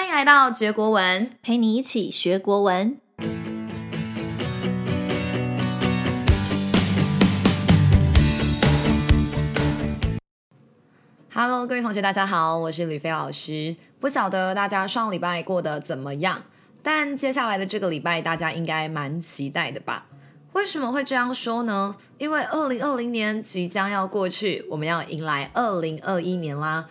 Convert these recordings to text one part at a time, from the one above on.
歡迎來到學國文，陪你一起學國文。Hello，各位同學，大家好，我是呂飛老師。不曉得大家上禮拜過得怎麼樣，但接下來的這個禮拜，大家應該蠻期待的吧？為什麼會這樣說呢？因為二零二零年即將要過去，我們要迎來二零二一年啦。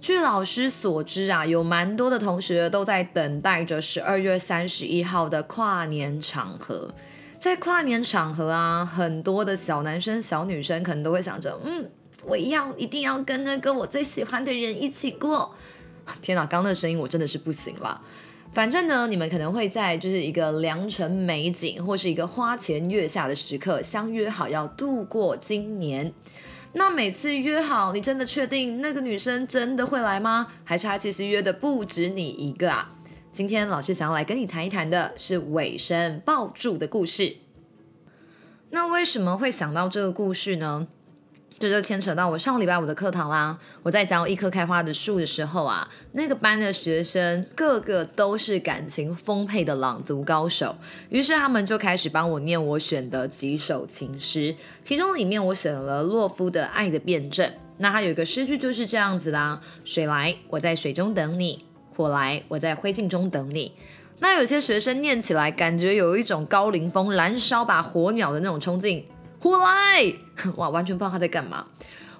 據老師所知啊，有蠻多的同學都在等待着十二月三十一號的跨年場合。在跨年場合啊，很多的小男生、小女生可能都會想着，嗯，我要一定要跟那個我最喜歡的人一起過。天哪，剛那聲音我真的是不行了。反正呢，你們可能會在就是一個良辰美景或是一個花前月下的時刻，相約好要度過今年。那每次約好，你真的確定那個女生真的會來嗎？還是她其實約的不止你一個啊？今天老師想要來跟你談一談的是尾生抱柱的故事。那為什麼會想到這個故事呢？這就，就牽扯到我上禮拜五的課堂啦。我在講一棵開花的樹的時候啊，那個班的學生個個都是感情豐沛的朗讀高手，於是他們就開始幫我念我選的幾首情詩。其中裡面我選了洛夫的《愛的辯證》，那他有一個詩句就是這樣子啦：水來，我在水中等你；火來，我在灰燼中等你。那有些學生念起來，感覺有一種高齡風燃燒吧火鳥的那種衝勁。胡來！哇，完全不知道他在幹嘛，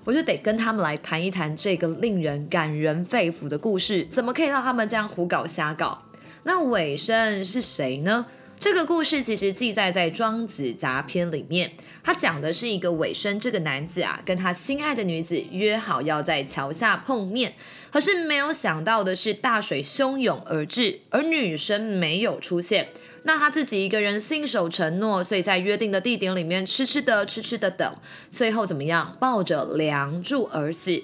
我就得跟他們來談一談這個令人感人肺腑的故事，怎麼可以讓他們這樣胡搞瞎搞？那尾生是誰呢？這個故事其實記載在《莊子雜篇》裡面，他講的是一個尾生。這個男子啊，跟他心愛的女子約好要在橋下碰面，可是沒有想到的是大水洶湧而至，而女生沒有出現。那他自己一個人信守承諾，所以在約定的地點裡面痴痴的、痴痴的等，最後怎麼樣？抱着梁柱而死。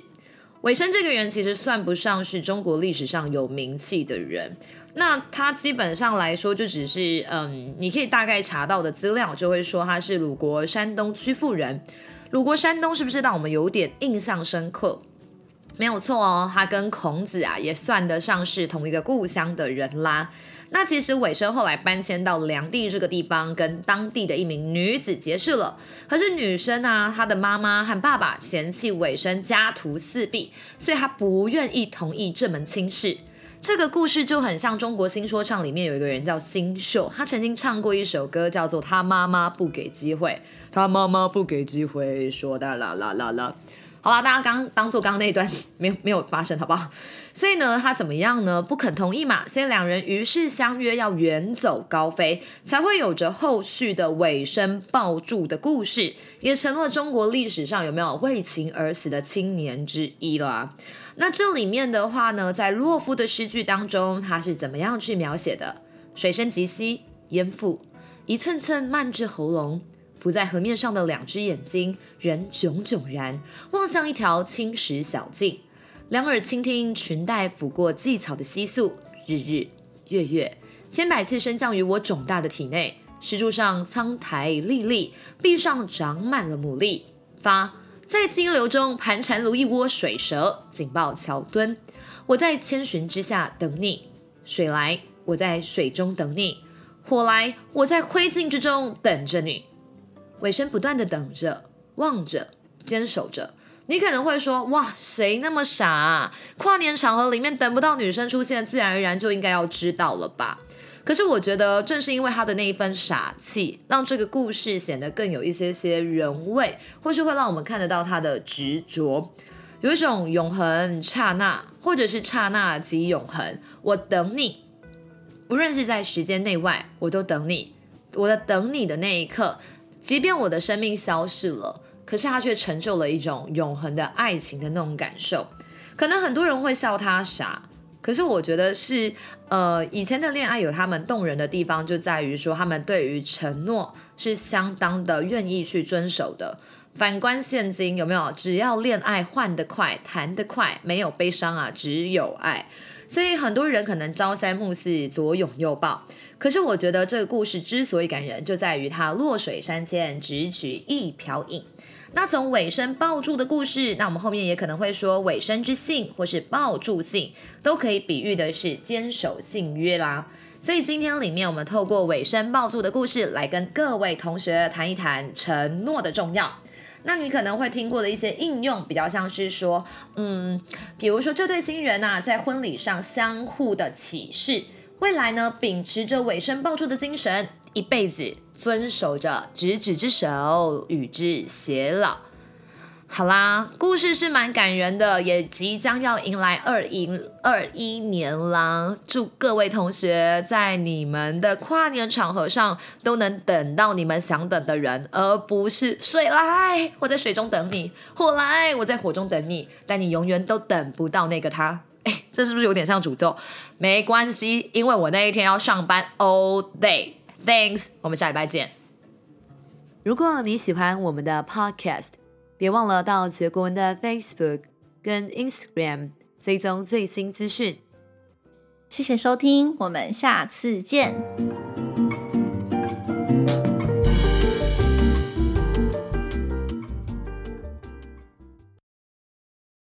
尾生這個人其實算不上是中國歷史上有名氣的人，那他基本上來說就只是嗯，你可以大概查到的資料就會說他是魯國山東曲阜人。魯國山東是不是讓我們有點印象深刻？沒有錯哦，他跟孔子啊也算得上是同一個故鄉的人啦。那其實尾生後來搬遷到梁地這個地方，跟當地的一名女子結識了。可是女生啊，她的媽媽和爸爸嫌棄尾生家徒四壁，所以她不願意同意這門親事。這個故事就很像中國新說唱裡面有一個人叫新秀，他曾經唱過一首歌叫做《他媽媽不給機會》，他媽媽不給機會說，說的啦啦啦啦。好了，大家剛剛當做剛剛那一段沒有沒有發生，好不好？所以呢，他怎麼樣呢？不肯同意嘛。所以兩人於是相約要遠走高飛，才會有着後續的尾生抱柱的故事，也成了中國歷史上有沒有為情而死的青年之一了啊。那這裡面的話呢，在洛夫的詩句當中，他是怎麼樣去描寫的？水深及膝，淹腹，一寸寸漫至喉嚨。浮在河面上的兩隻眼睛，仍炯炯然望向一條青石小徑，兩耳傾聽裙帶拂過薊草的窸窣。日日月月，千百次升降於我腫大的體內。石柱上蒼苔歷歷，壁上長滿了牡蠣。髮在激流中盤纏如一窩水蛇，緊抱橋墩。我在千尋之下等你，水來，我在水中等你；火來，我在灰燼之中等着你。尾生不斷地等着、望着、堅守着。你可能會說：“哇，誰那麼傻啊？跨年場合裡面等不到女生出現，自然而然就應該要知道了吧？”可是我覺得，正是因為他的那一份傻氣，讓這個故事顯得更有一些些人味，或是會讓我們看得到他的執着，有一種永恆剎那，或者是剎那即永恆。我等你，無論是在時間內外，我都等你。我在等你的那一刻。即便我的生命消逝了，可是他卻成就了一種永恆的愛情的那種感受。可能很多人會笑他傻，可是我覺得是，呃，以前的戀愛有他們動人的地方，就在於說他們對於承諾是相當的願意去遵守的。反觀現今，有沒有，只要戀愛換得快、談得快，沒有悲傷啊，只有愛。所以很多人可能朝三暮四，左擁右抱。可是我覺得這個故事之所以感人，就在於他弱水三千，只取一瓢飲。那從尾生抱柱的故事，那我們後面也可能會說尾生之信，或是抱柱信，都可以比喻的是堅守信約啦。所以今天裡面，我們透過尾生抱柱的故事來跟各位同學談一談承諾的重要。那你可能會聽過的一些應用，比較像是說，嗯，比如說這對新人吶、啊，在婚禮上相互的起誓。未來呢，秉持着尾生抱柱的精神，一輩子遵守着執子之手，與之偕老。好啦，故事是蠻感人的，也即將要迎來二零二一年啦。祝各位同學在你們的跨年場合上都能等到你們想等的人，而不是水來我在水中等你，火來我在火中等你，但你永遠都等不到那個他。誒，這是不是有點像詛咒？沒關係，因為我那一天要上班 all day。Thanks，我們下禮拜見。如果你喜歡我們的 podcast。別忘了到哲學國文的 Facebook 跟 Instagram 追蹤最新資訊。謝謝收聽，我們下次見。